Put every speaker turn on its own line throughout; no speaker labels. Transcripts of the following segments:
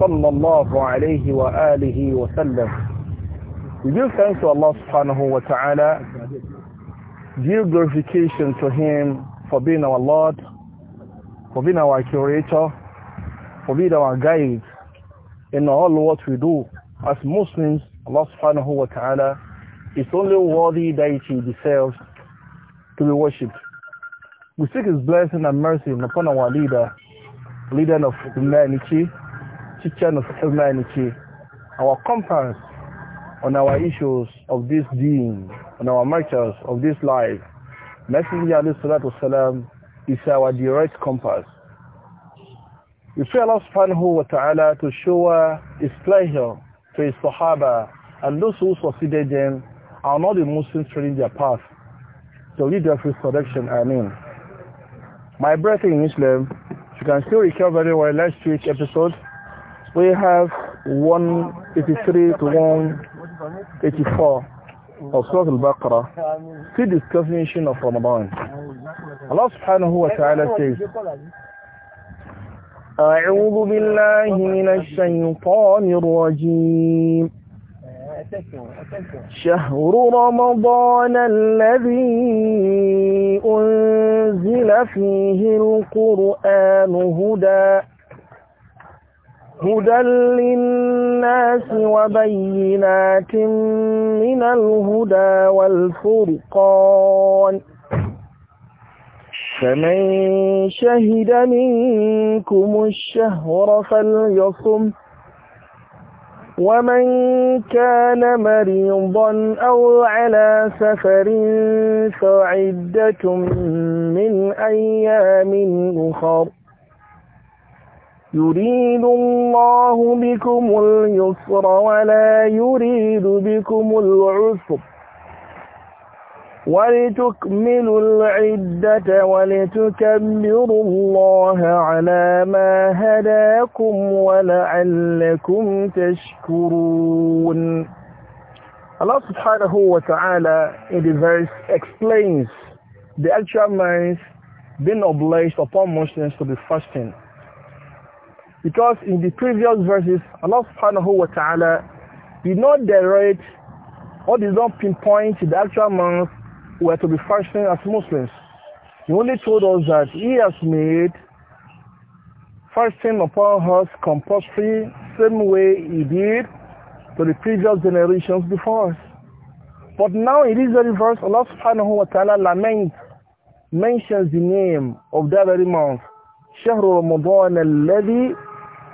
صلى الله عليه وآله وسلم We give thanks to Allah subhanahu wa ta'ala, give glorification to Him for being our Lord, for being our curator, for being our guide in all what we do. As Muslims, Allah subhanahu wa ta'ala is only worthy that He deserves to be worshipped. We seek His blessing and mercy upon our leader, leader of humanity, teaching of humanity, our compass on our issues of this deen, on our matters of this life. Messenger والسلام, is our direct compass. We pray Allah subhanahu wa ta'ala to show His pleasure to His Sahaba and those who succeeded them are not the Muslims treading their path. lead us to resurrection, I mean. My brethren in Islam, you can still recover very well last week's episode We have 183 to 184 of Surah Al-Baqarah, the definition of Ramadan. Allah subhanahu wa ta'ala says, أعوذ بالله من الشيطان الرجيم شهر رمضان الذي أنزل فيه القرآن هدى هدى للناس وبينات من الهدى والفرقان فمن شهد منكم الشهر فليصم ومن كان مريضا أو على سفر فعدة من أيام أخر يريد الله بكم اليسر ولا يريد بكم العسر ولتكملوا العدة ولتكبروا الله على ما هداكم ولعلكم تشكرون Allah subhanahu wa ta'ala in the verse explains the actual means being obliged upon Muslims to be fasting Because in the previous verses, Allah subhanahu wa ta'ala did not direct or did not pinpoint the actual month were to be fasting as Muslims. He only told us that he has made fasting upon us compulsory same way he did to the previous generations before us. But now in this very verse, Allah subhanahu wa ta'ala mentions the name of that very month, شهر رمضان الذي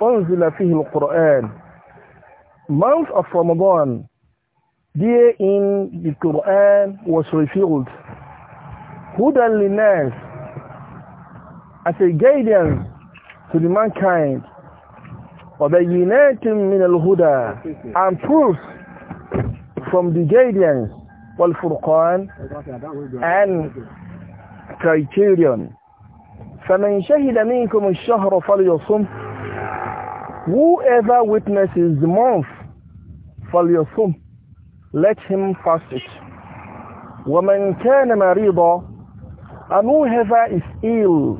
أنزل فيه القرآن month of Ramadan day in the Quran was revealed هدى للناس as a guidance to the mankind وبينات من الهدى and proof from the guidance والفرقان and criterion فمن شهد منكم الشهر فليصم Whoever witnesses the month, فَلْيَصُمْ Let him fast it. وَمَنْ كَانَ مَرِيضًا And whoever is ill,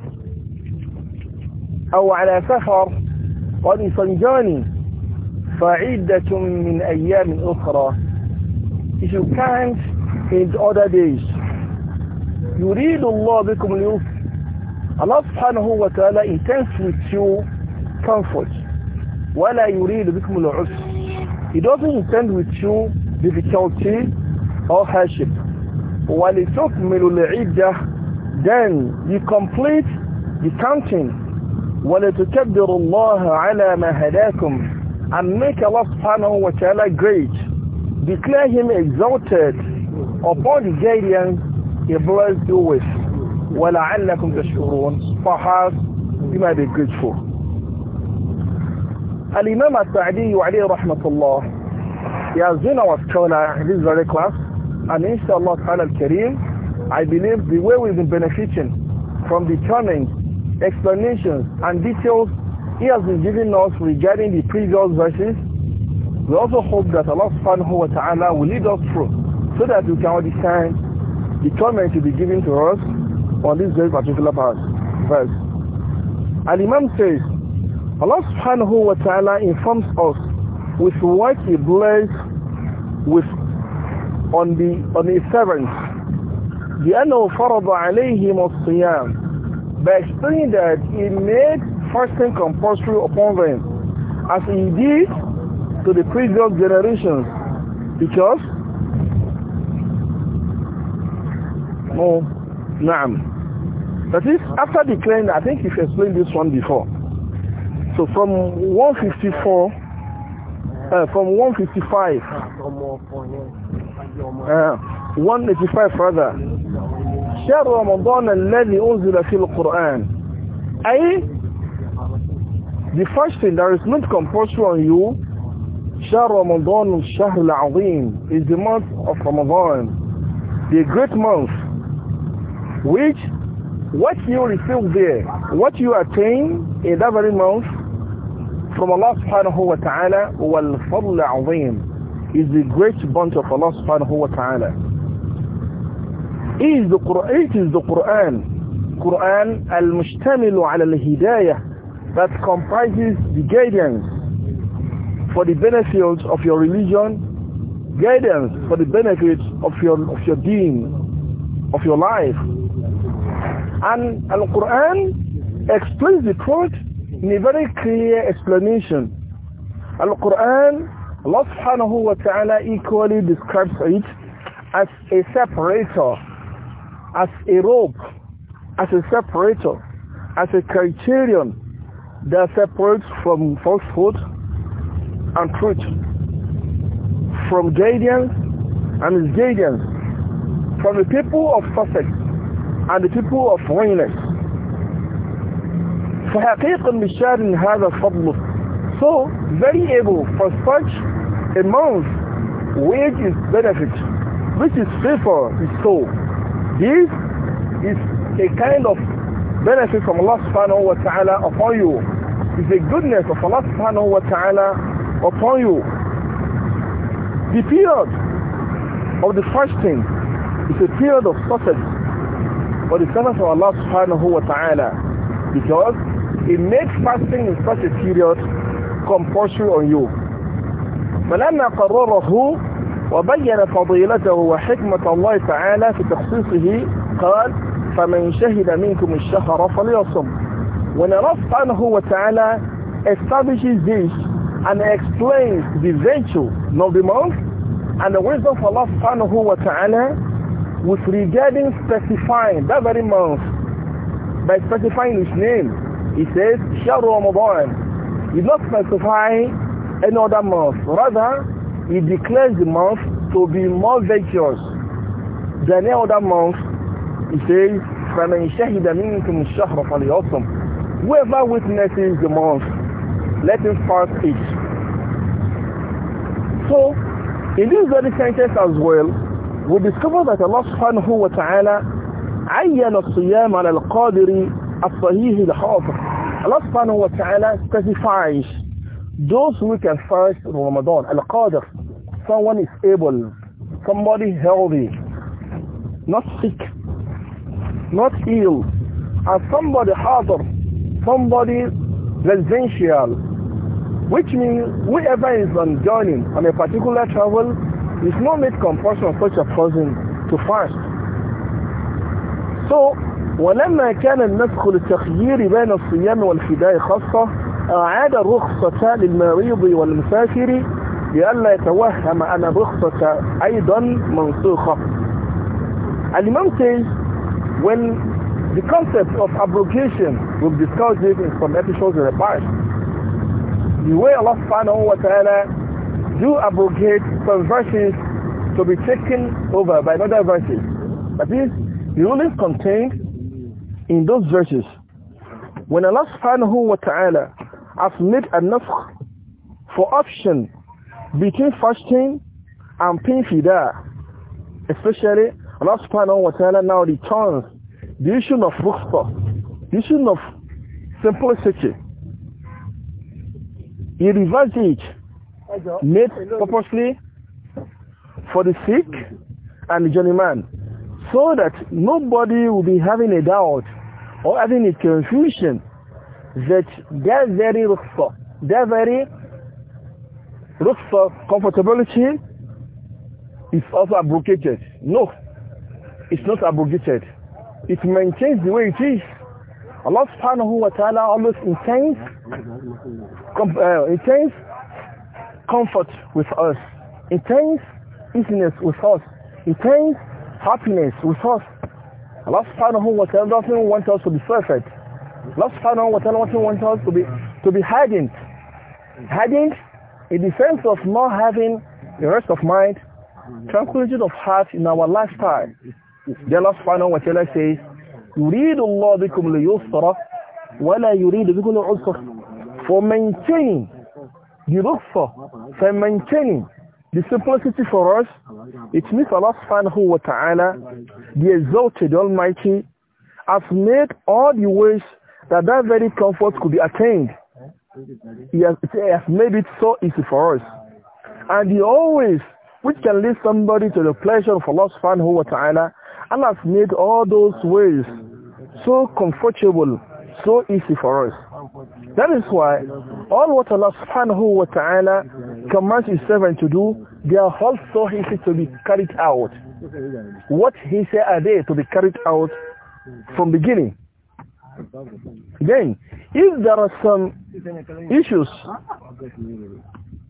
أو على سفر or is on journey, فَعِدَّةٌ مِنْ أَيَّامٍ أُخْرَى If you can't, in other days. يُرِيدُ اللَّهُ بِكُمْ الْيُسْرَ Allah subhanahu wa ta'ala intends with you comfort. ولا يريد بكم العسر He doesn't intend with you difficulty or hardship ولتكملوا العدة then you complete the counting ولتكبروا الله على ما هداكم and make Allah subhanahu wa ta'ala great declare him exalted upon the guidance he blessed you with وَلَعَلَّكُمْ تَشْكُرُونَ Perhaps you might be grateful Al-Imam al-Sa'di alayhi rahmatullah, he has been our scholar in this very class, and inshallah ta'ala al-Kareem, I believe the way we've been benefiting from the comments, explanations, and details he has been giving us regarding the previous verses, we also hope that Allah subhanahu wa ta'ala will lead us through so that we can understand the comments to be given to us on this very particular verse. Al-Imam says, Allah subhanahu wa ta'ala informs us with what he blessed with on the on his servants. بأنه فرض عليهم الصيام by explaining that he made fasting compulsory upon them as he did to the previous generations because no, oh, That is, after declaring, I think you've explained this one before. So from 154, uh, eh, from 155, uh, 185 rather, شهر رمضان الذي أنزل في القرآن أي the fasting that is not compulsory on you شهر رمضان الشهر العظيم is the month of Ramadan the great month which what you receive there what you attain in that very month from Allah subhanahu wa ta'ala wal fadl azim is the great bunch of Allah subhanahu wa ta'ala is the Quran it is the Quran Quran al-mushtamilu ala al-hidayah that comprises the guidance for the benefits of your religion guidance for the benefits of your of your deen of your life and al-Quran explains the truth in a very clear explanation. Al-Quran, Allah subhanahu wa ta'ala equally describes it as a separator, as a rope, as a separator, as a criterion that separates from falsehood and truth, from guidance and misguidance, from the people of success and the people of holiness. فحقيقا للشهر هذا فضله so very able for such amount wages wage is benefit which is favor to so this is a kind of benefit from Allah subhanahu wa ta'ala upon you is a goodness of Allah subhanahu wa ta'ala upon you the period of the fasting is a period of success for the servants of Allah subhanahu wa ta'ala because it makes fasting in such a period compulsory on you. فلما قرره وبين فضيلته وحكمة الله تعالى في تخصيصه قال فمن شهد منكم الشهر فليصم When Allah subhanahu wa ta'ala establishes this and explains the virtue of the month and the wisdom of Allah subhanahu wa ta'ala with regarding specifying that very month by specifying his name He says, Shahr Ramadan. He did not specify any other month. Rather, he declares the month to be more virtuous than any other month. He says, فَمَنْ شَهِدَ مِنْكُمْ الشَّهْرَ فَلْيَصُمْ Whoever witnesses the month, let him fast it. So, in this very sentence as well, we discover that Allah subhanahu wa ta'ala عين الصيام على القادر As-Sahih al-Hafiz. Allah subhanahu wa ta'ala specifies those who can fast Ramadan. Al-Qadir, someone is able, somebody healthy, not sick, not ill, and somebody other, somebody residential, which means whoever is on journey on a particular travel is not made compulsion of such a person to fast. So ولما كان النسخ للتخيير بين الصيام والفداء خاصة أعاد الرخصة للمريض والمسافر لئلا يتوهم أن الرخصة أيضا منسوخة says when the concept of abrogation we've discussed it in some episodes in the past the way Allah subhanahu wa ta'ala do abrogate some verses to be taken over by another verses that is the rulings contained in those verses, when Allah subhanahu wa ta'ala has made a nafkh for option between fasting and paying fida, especially Allah subhanahu wa ta'ala now returns the issue of rukhsah, the issue of simplicity. He reversed it,
made purposely
for the sick and the journeyman, so that nobody will be having a doubt or having a confusion that their very rukhsa, their very rukhsa comfortability is also abrogated. No, it's not abrogated. It maintains the way it is. Allah subhanahu wa ta'ala always intends, com uh, intends comfort with us, intends easiness with us, intends happiness with us, Allah subhanahu wa ta'ala doesn't want us to be perfect. Allah subhanahu wa ta'ala doesn't want us to be to be hardened. Hardened in the sense of not having the rest of mind, tranquility of heart in our lifestyle. The Allah subhanahu wa ta'ala says, يريد الله بكم اليسر ولا يريد بكم العسر. For maintaining the look for maintaining the simplicity for us it means Allah subhanahu wa ta'ala, the exalted Almighty, has made all the ways that that very comfort could be attained. He has, he has made it so easy for us. And the always which can lead somebody to the pleasure of Allah subhanahu wa ta'ala, Allah has made all those ways so comfortable, so easy for us. That is why all what Allah subhanahu wa ta'ala commands his servant to do, they are also, he said, to be carried out. What he said are they to be carried out from beginning? Then, if there are some issues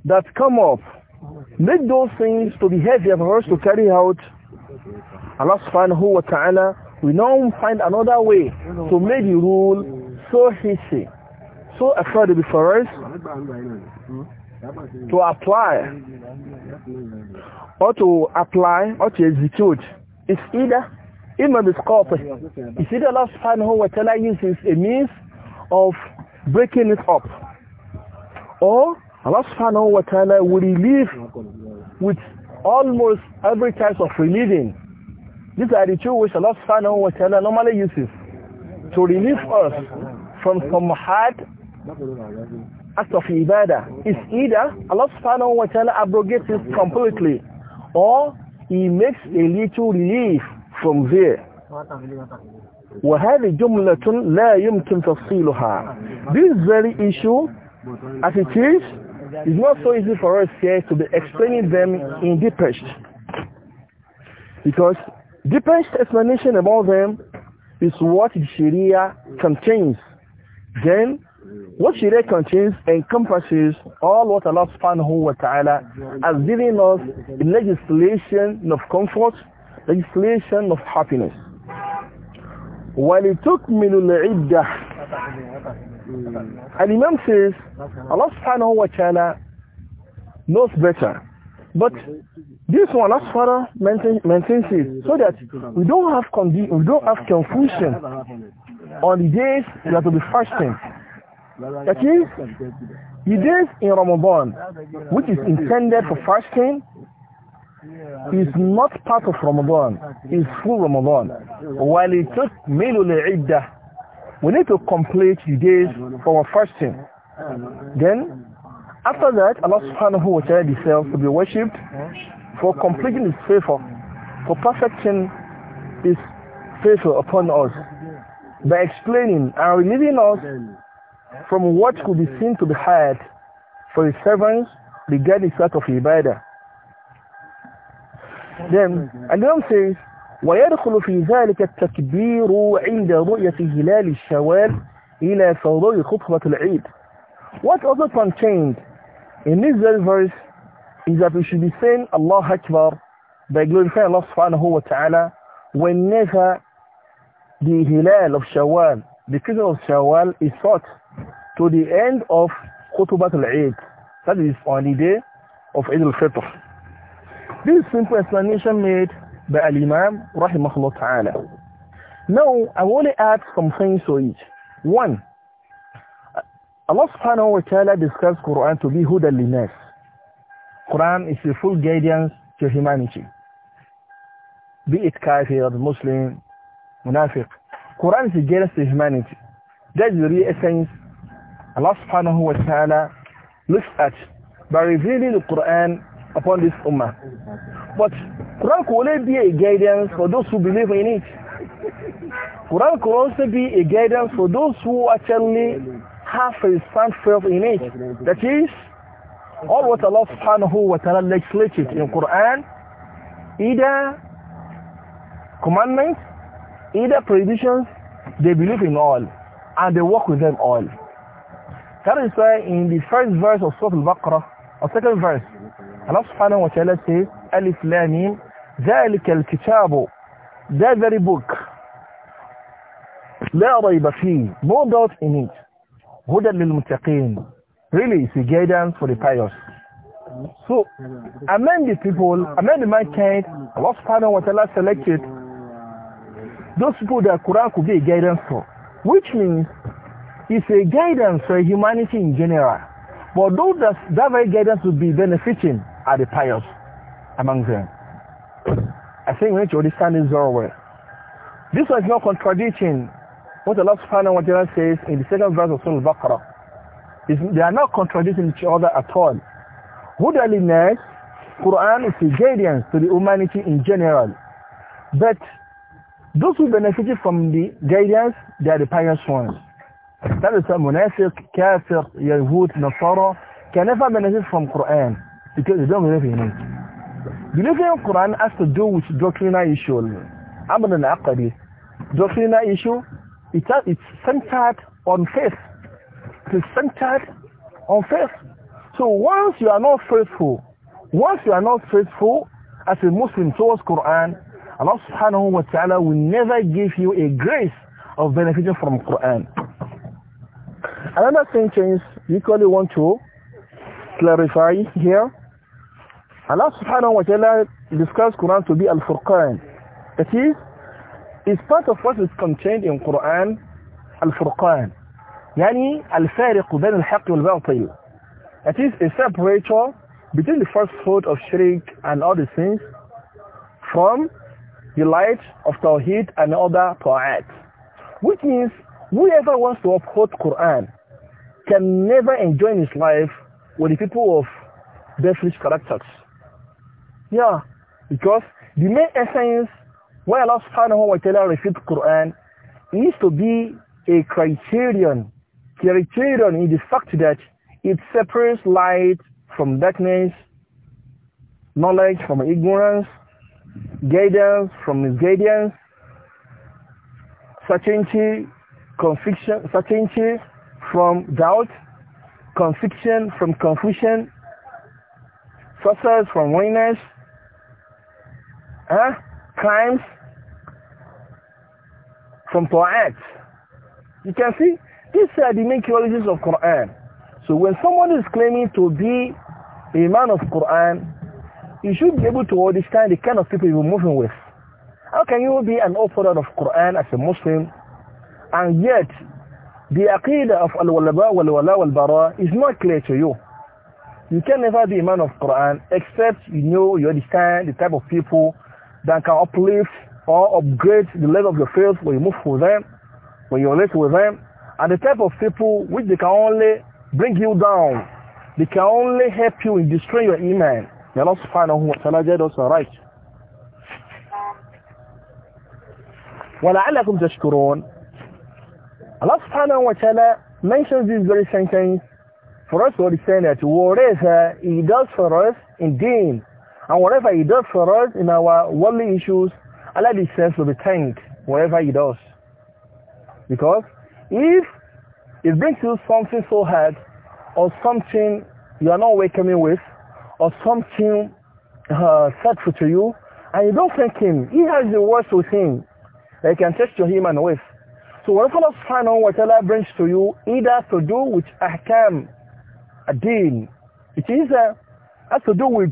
that come up, make those things to be heavy for us to carry out. Allah subhanahu wa ta'ala, we now find another way to make the rule so he said. so affordable before us to apply or to apply or to execute it's either it إما بالسقاط it's either who subhanahu telling you is a means of breaking it up or Allah subhanahu wa ta'ala will relieve with almost every type of relieving these are the two which Allah subhanahu wa ta'ala normally uses to relieve us from some hard As of ibadah, is either Allah subhanahu wa ta'ala abrogates it completely or he makes a little relief from there. وهذه جملة لا يمكن تفصيلها. This very issue, as it is, is not so easy for us here to be explaining them in deepest. Because deepest explanation about them is what the Sharia contains. Then What Sharia contains encompasses all what Allah subhanahu wa ta'ala has given us in legislation of comfort, legislation of happiness. وَلِتُكْمِلُ الْعِدَّةِ And Imam says, Allah subhanahu wa ta'ala knows better. But this one, as far maintains it, so that we don't have we don't have confusion on the days that will be fasting. That is, the days in Ramadan, which is intended for fasting, is not part of Ramadan, is full Ramadan. While it took Milul Iddah, we need to complete the days for our fasting. Then, after that, Allah subhanahu wa ta'ala deserves to be worshipped for completing His favor, for perfecting His favor upon us by explaining and relieving us from what could be seen to be hired for his servants regarding sort of ibadah. Then Allah says, ويدخل في ذلك التكبير عند رؤية هلال الشوال إلى فضاء خطبة العيد. What also contained in this verse is that we should be saying Allah Akbar by glorifying Allah subhanahu wa ta'ala whenever the hilal of Shawwal the season of Shawwal is short to the end of Khutubat al-Eid. That is on the day of Eid al-Fitr. This simple explanation made by Al-Imam Rahimahullah Ta'ala. Now, I want to add some things to it. One, Allah subhanahu wa ta'ala describes Quran to be huda linas. Quran is the full guidance to humanity. Be it kafir, Muslim, munafiq, Quran is against humanity. That's the real essence. Allah subhanahu wa ta'ala looks at by revealing the Quran upon this ummah. But Quran could only be a guidance for those who believe in it. Quran could also be a guidance for those who actually have a sound faith in it. That is, all what Allah subhanahu wa ta'ala legislated in Quran, either commandments Either predictions, they believe in all, and they work with them all. That is why in the first verse of Surah Al-Baqarah, or second verse, Allah subhanahu wa ta'ala says, Alif Lamim, ذَلِكَ الْكِتَابُ That very book, لا ريب فيه, no doubt in it, هدى للمتقين. Really, it's a guidance for the pious. So, among the people, among the mankind, Allah subhanahu wa ta'ala selected those people that Quran could be a guidance for, which means it's a guidance for humanity in general. But those that, that very guidance will be benefiting are the pious among them. I think we need to understand this very well. This one is not contradicting what Allah subhanahu wa ta'ala says in the second verse of Surah Al-Baqarah. They are not contradicting each other at all. Huda the Quran is a guidance to the humanity in general. But those who benefited from the guidance, they are the pious ones. That is a munafiq, kafir, Yahud, Nasara can never benefit from Quran because they don't believe in it. Believing in Quran has to do with doctrinal issue. Amr al-Aqadi. Doctrinal issue, it, it's centered on faith. It's centered on faith. So once you are not faithful, once you are not faithful as a Muslim towards Quran, Allah subhanahu wa ta'ala will never give you a grace of benefiting from Quran. Another sentence we clearly want to clarify here. Allah subhanahu wa ta'ala describes Quran to be Al-Furqan. That is, it's part of what is contained in Quran, Al-Furqan. يعني al بين الحق والباطل. It is is a separator between the first fruit of shirk and all the sins from the light of Tawheed and other ta'at. Which means whoever wants to uphold Quran can never enjoy his life with the people of devilish characters. Yeah, because the main essence why Allah subhanahu wa ta'ala revealed Quran needs to be a criterion, criterion in the fact that it separates light from darkness, knowledge from ignorance, guidance from guidance, certainty, conviction, certainty from doubt, conviction from confusion, success from weakness, huh? crimes from Quran. You can see, these are the main qualities of Quran. So when someone is claiming to be a man of Quran, you should be able to understand the kind of people you're moving with. How can you be an author of Quran as a Muslim and yet the aqidah of al-walaba wal-wala wal-bara is not clear to you? You can never be a man of Quran except you know, you understand the type of people that can uplift or upgrade the level of your faith when you move with them, when you relate with them, and the type of people which they can only bring you down. They can only help you in destroying your iman. Allah subhanahu wa ta'ala guide us right. وَلَعَلَّكُمْ تَشْكُرُونَ Allah subhanahu wa ta'ala mentions these very same things for us What to understand that whatever He does for us in deen and whatever He does for us in our worldly issues, Allah says to be thanked whatever He does. Because if it brings you something so hard or something you are not welcoming with, or something uh, hurtful to you, and you don't thank him, he has the words with him that you can teach to him and with. So whatever Allah brings to you either to do with ahkam, a deen, it is uh, has to do with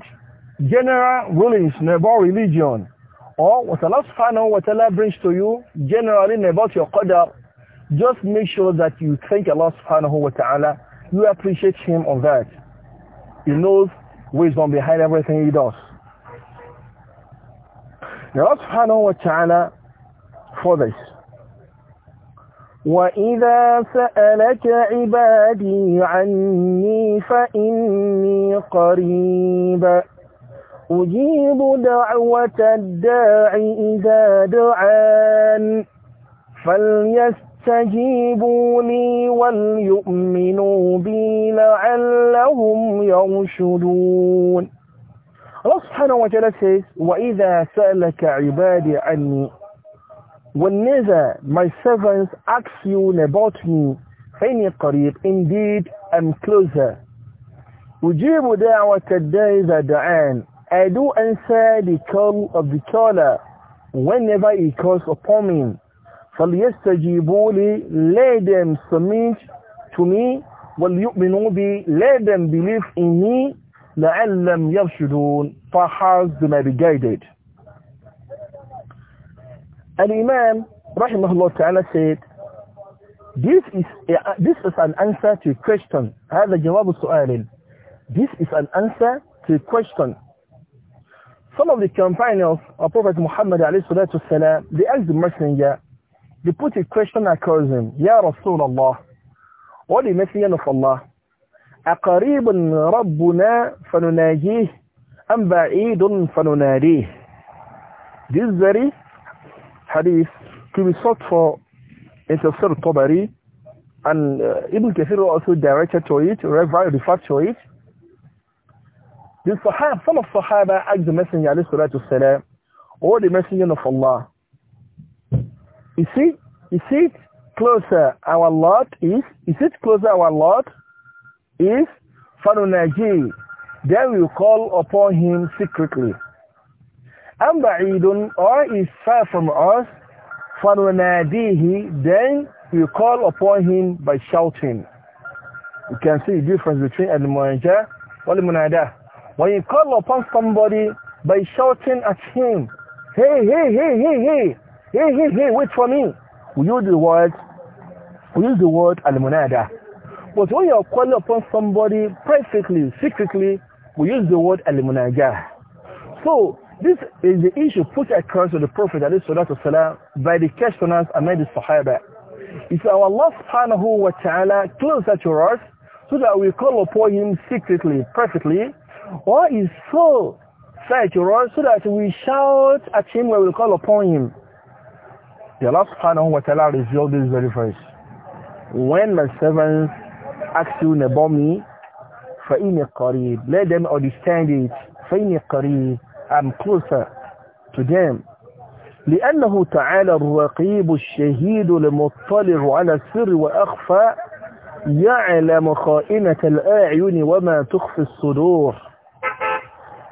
general rulings about religion, or what Allah brings to you generally about your qadr, just make sure that you thank Allah subhanahu wa ta'ala, you appreciate him on that. He knows wisdom behind everything he does. Now Allah subhanahu wa China for this. وَإِذَا سَأَلَكَ عِبَادِي عَنِّي فَإِنِّي قَرِيبٌ أُجِيبُ دَعْوَةَ الدَّاعِ إِذَا دَعَانِ فَلْيَسْتَجِبُوا فَاسْتَجِيبُوا لِي وَلْيُؤْمِنُوا بِي لَعَلَّهُمْ يَرْشُدُونَ الله سبحانه وتعالى says وَإِذَا سَأْلَكَ عبادي عَنِّي وَالنَّذَا my servants ask you about me فَإِنِي قَرِيب indeed I'm closer وَجِيبُ دَعْوَةَ الدَّيْذَ دَعَان I do answer the call of the caller whenever he calls upon me فليستجيبوا لي let them submit to me وليؤمنوا بي let them believe in me لعلم يرشدون فحاز they may الإمام رحمه الله تعالى said this is this is an answer to question هذا جواب السؤال this is an answer to question some of the companions of Prophet Muhammad alayhi salatu salam they asked the messenger They put a question across him, Ya Rasulullah, O the Messenger of Allah, أقريب ربنا فنناجيه أم بعيد فنناديه This very hadith to be sought for in Tafsir Tabari and uh, Ibn Kathir also directed to it, referred to it. The Sahaba, some of Sahaba asked the Messenger alayhi salatu salam, the Messenger of Allah, is it, is it closer our Lord is? Is it closer our Lord is? فَنُنَاجِي Then we call upon him secretly. Ambaidun, Or is far from us. فَنُنَادِيهِ Then we call upon him by shouting. You can see the difference between al-munaja wal When you call upon somebody by shouting at him, hey, hey, hey, hey, hey, Hey, hey, hey, wait for me. We use the word, we use the word al But when you're calling upon somebody privately, secretly, we use the word al So, this is the issue put across to the Prophet by the questioners among the Sahaba. It's our Allah subhanahu wa ta'ala closer to us so that we call upon him secretly, privately, or is so far to us so that we shout at him when we call upon him. The Allah subhanahu wa ta'ala revealed this very first. When my servants ask you about me, فَإِنِ قَرِيب Let them understand it. فَإِنِ قَرِيب I'm closer to them. لأنه تعالى الرقيب الشهيد المطلع على السر وأخفى يعلم خائنة الأعين وما تخفي الصدور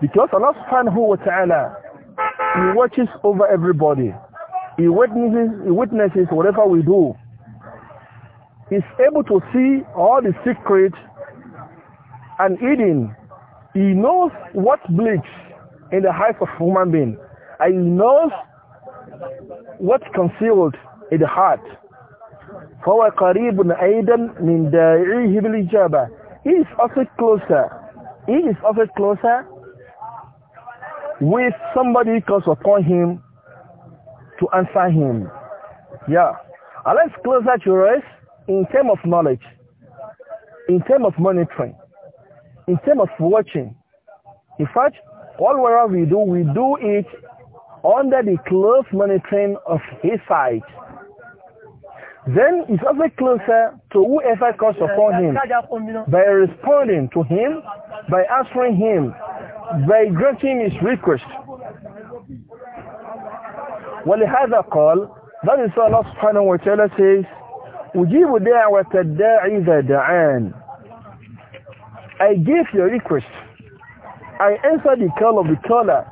Because Allah subhanahu wa ta'ala He watches over everybody he witnesses, he witnesses whatever we do. He's able to see all the secret and hidden. He knows what bleeds in the heart of human being. And he knows what's concealed in the heart. فهو قريب أيضا من داعيه بالإجابة. He is also closer. He is also closer with somebody close calls upon him to answer him. Yeah. And let's close that to us in terms of knowledge, in terms of monitoring, in terms of watching. In fact, all whatever we do, we do it under the close monitoring of his sight. Then it's also closer to whoever calls upon him by responding to him, by answering him, by granting his request. ولهذا قال that is Allah subhanahu wa ta'ala says أجيب دعوة الداعي إذا دعان I give your request I answer the call of the caller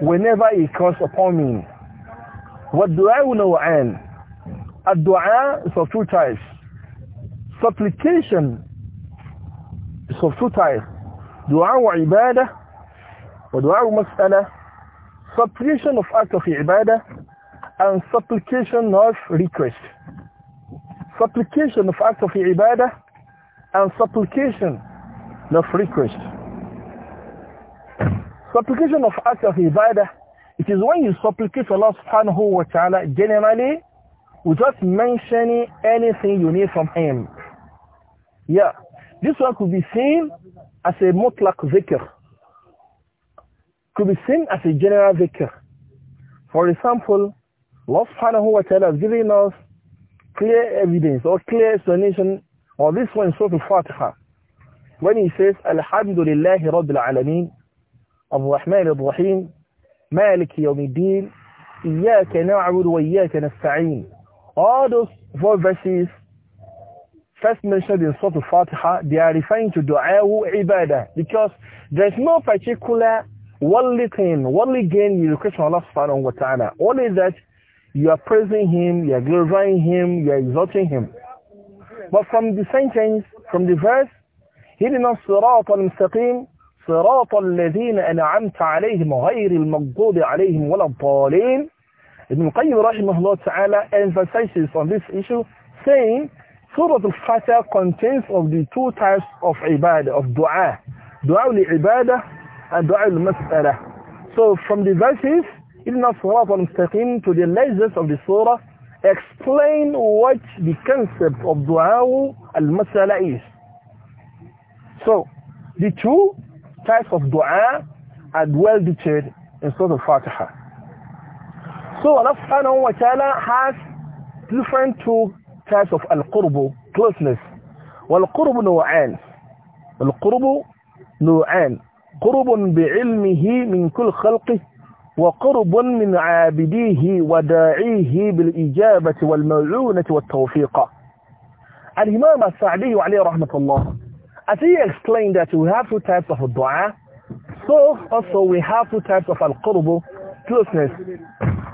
whenever he calls upon me والدعاء نوعان الدعاء is of two types supplication is of two types دعاء عبادة ودعاء مسألة supplication of act of ibadah and supplication of request. Supplication of act of ibadah and supplication of request. Supplication of act of ibadah, it is when you supplicate Allah subhanahu wa ta'ala generally without mentioning anything you need from Him. Yeah, this one could be seen as a mutlaq zikr. could be seen as a general dhikr. For example, Allah subhanahu wa ta'ala has given us clear evidence or clear explanation or this one in Surah Al-Fatiha when he says Alhamdulillahi Rabbil Alameen Ar-Rahman Ar-Rahim Yawmi Yawmiddin Iyaka Na'ud wa iyaka Nasta'een All those four verses first mentioned in Surah Al-Fatiha they are referring to Dua'u ibadah because there is no particular Worldly thing, worldly gain you request from Allah subhanahu wa ta'ala. Only that you are praising Him, you are glorifying Him, you are exalting Him. But from the sentence, from the verse, He not هدنا الصراط المستقيم صراط الذين أنعمت عليهم غير المغضوب عليهم ولا الضالين Ibn Qayyim rahimahullah ta'ala emphasizes on this issue saying Surah Al-Fatiha contains of the two types of ibadah, of dua. Dua li ibadah Ad'a al-Mas'ala. So from the verses, Ibn Sirat al-Mustaqim to the verses of the surah, explain what the concept of dua al-masala is. So, the two types of dua are well detailed in Surah Al-Fatiha. So Allah subhanahu wa ta'ala has different two types of al-qurbu, closeness. Wal-qurbu nu'an. Al-qurbu nu'an. قرب بعلمه من كل خلقه وقرب من عابديه وداعيه بالإجابة والمعونة والتوفيق الإمام imam عليه رحمة الله as he explained that we have two types of dua so also we have two types of al qurbu closeness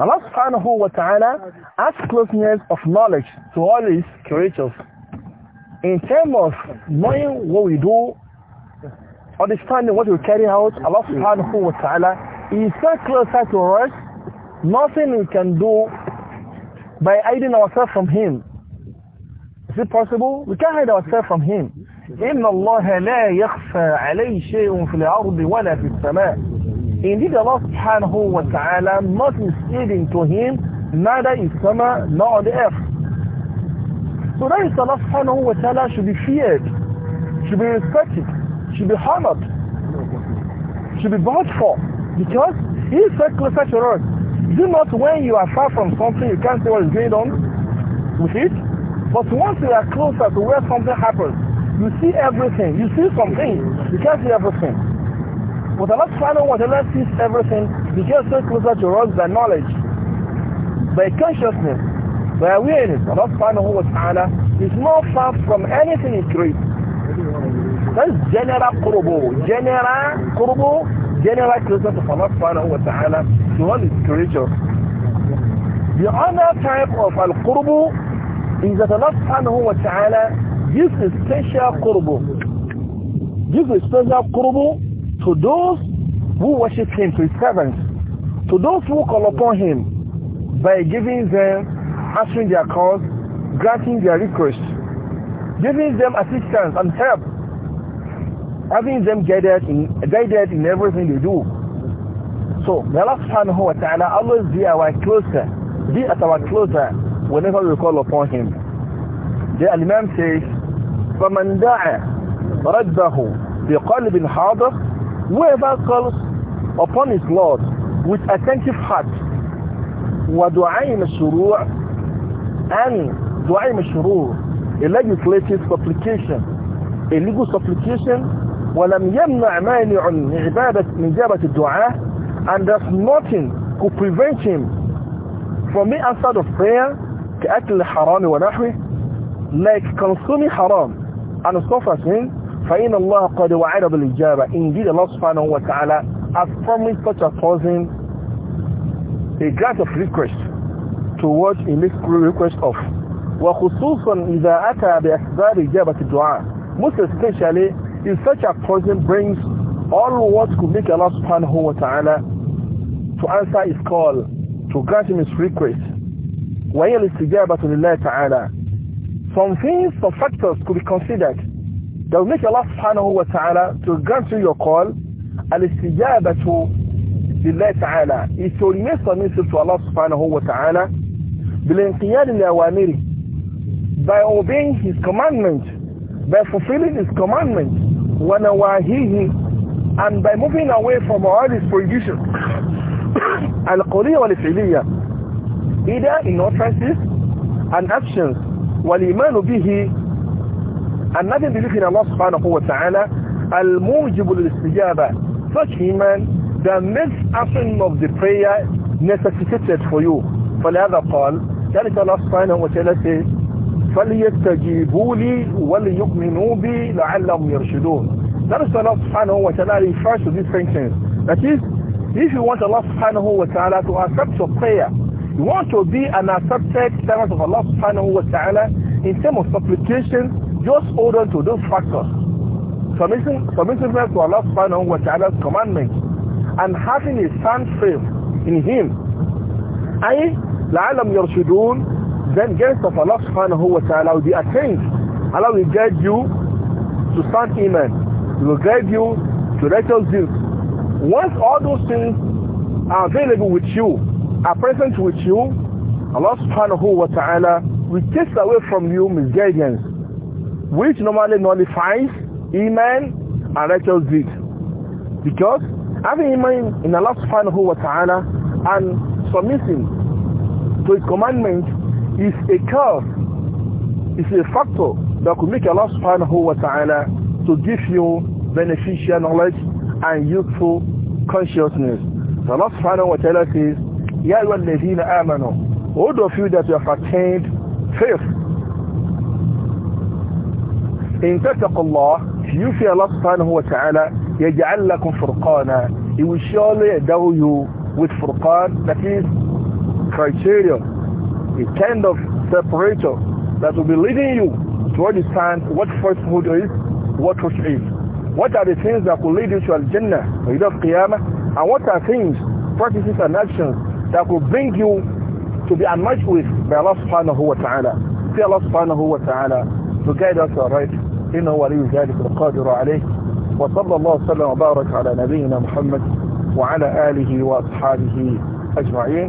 Allah subhanahu wa ta'ala has closeness of knowledge to all his creatures in terms of knowing what we do understanding what we carry out, Allah subhanahu wa ta'ala is so closer to us, nothing we can do by hiding ourselves from Him. Is it possible? We can't hide ourselves from Him. إِنَّ اللَّهَ لَا يَخْفَى عَلَيْهِ شَيْءٌ فِي الْأَرْضِ وَلَا فِي السَّمَاءِ Indeed Allah subhanahu wa ta'ala not is hidden to Him, neither is summer nor the earth. So that is Allah subhanahu wa ta'ala should be feared, should be respected should be honored, should be bought for, because he said closer to us. Do not when you are far from something, you can't see what is going on with it, but once you are closer to where something happens, you see everything, you see something, you can't see everything. But Allah subhanahu wa ta'ala sees everything because so closer to us by knowledge, by consciousness, by awareness. final one was Allah. is not far from anything he creates. that's general Kurubu. General Kurubu, general creation of Allah subhanahu wa ta'ala to all is creatures. The other type of Al-Kurubu is that Allah subhanahu wa ta'ala gives a special Kurubu. Gives a special Kurubu to those who worship him, to his servants, to those who call upon him by giving them, answering their calls, granting their requests, giving them assistance and help having them guided in, guided in everything they do. So the Allah subhanahu wa ta'ala always be our closer, be at our closer whenever we call upon him. The Imam says, فَمَنْ دَعَ رَبَّهُ بِقَلْبٍ حَاضِرٍ Whoever calls upon his Lord with attentive heart, وَدُعَيْ مَشْرُوعٍ and دُعَيْ مَشْرُوعٍ a legislative supplication, a legal supplication ولم يمنع مانع من عبادة من إجابة الدعاء and there's nothing could prevent him from the answer of prayer كأكل الحرام ونحوه like consuming haram and stuff as him فإن الله قد وعد بالإجابة indeed Allah subhanahu wa ta'ala has promised such a person a grant of request to what he makes request of وخصوصا إذا أتى بأسباب إجابة الدعاء most especially if such a person brings all what could make Allah subhanahu wa ta'ala to answer his call, to grant him his request, وَهِيَ الْإِسْتِجَابَةُ لِلَّهِ تَعَالَى Some things, some factors could be considered that will make Allah subhanahu wa ta'ala to grant you your call, الاستجابة لله تعالى is to remain submissive to Allah subhanahu wa ta'ala بالانقياد لأوامره by obeying his commandment by fulfilling his commandment ونواهيه and by moving away from all his prohibitions القولية والفعلية either in utterances and actions والإيمان به and nothing belief in Allah subhanahu wa ta'ala الموجب للاستجابة such iman the makes answering of the prayer necessitated for you فلهذا قال ذلك الله سبحانه وتعالى says فليستجيبوا لي وليؤمنوا بي لعلهم يرشدون that is Allah subhanahu wa ta'ala refers to these things that is if you want Allah subhanahu wa ta'ala to accept your prayer you want to be an accepted servant of Allah subhanahu wa ta'ala in terms of supplication just hold on to those factors submitting to Allah subhanahu wa ta'ala's commandments and having a sound faith in him i لعلهم يرشدون then guests of Allah subhanahu wa ta'ala will be attained. Allah will guide you to stand, iman. He will guide you to righteous deeds. Once all those things are available with you, are present with you, Allah subhanahu wa ta'ala will take away from you misguidance, which normally nullifies iman and righteous deeds. Because having iman in Allah subhanahu wa ta'ala and submitting to his commandments is a cause, is a factor that could make Allah subhanahu wa ta'ala to give you beneficial knowledge and useful consciousness. So Allah subhanahu wa ta'ala says, Ya ayyuhalladhina amanu, all of you that you have attained faith. In tattaqullah, if you fear Allah subhanahu wa ta'ala, yaj'al lakum furqana. He will surely endow you with furqan, that is, criterion a kind of separator that will be leading you to understand what falsehood is, what truth is. What are the things that will lead you to Al-Jannah, the Qiyamah, and what are things, practices and actions that will bring you to be unmatched with by Allah subhanahu wa ta'ala. See Allah subhanahu wa ta'ala to guide us all right. إنه ولي ذلك القادر عليه وصلى الله وسلم وبارك على نبينا محمد وعلى آله وأصحابه أجمعين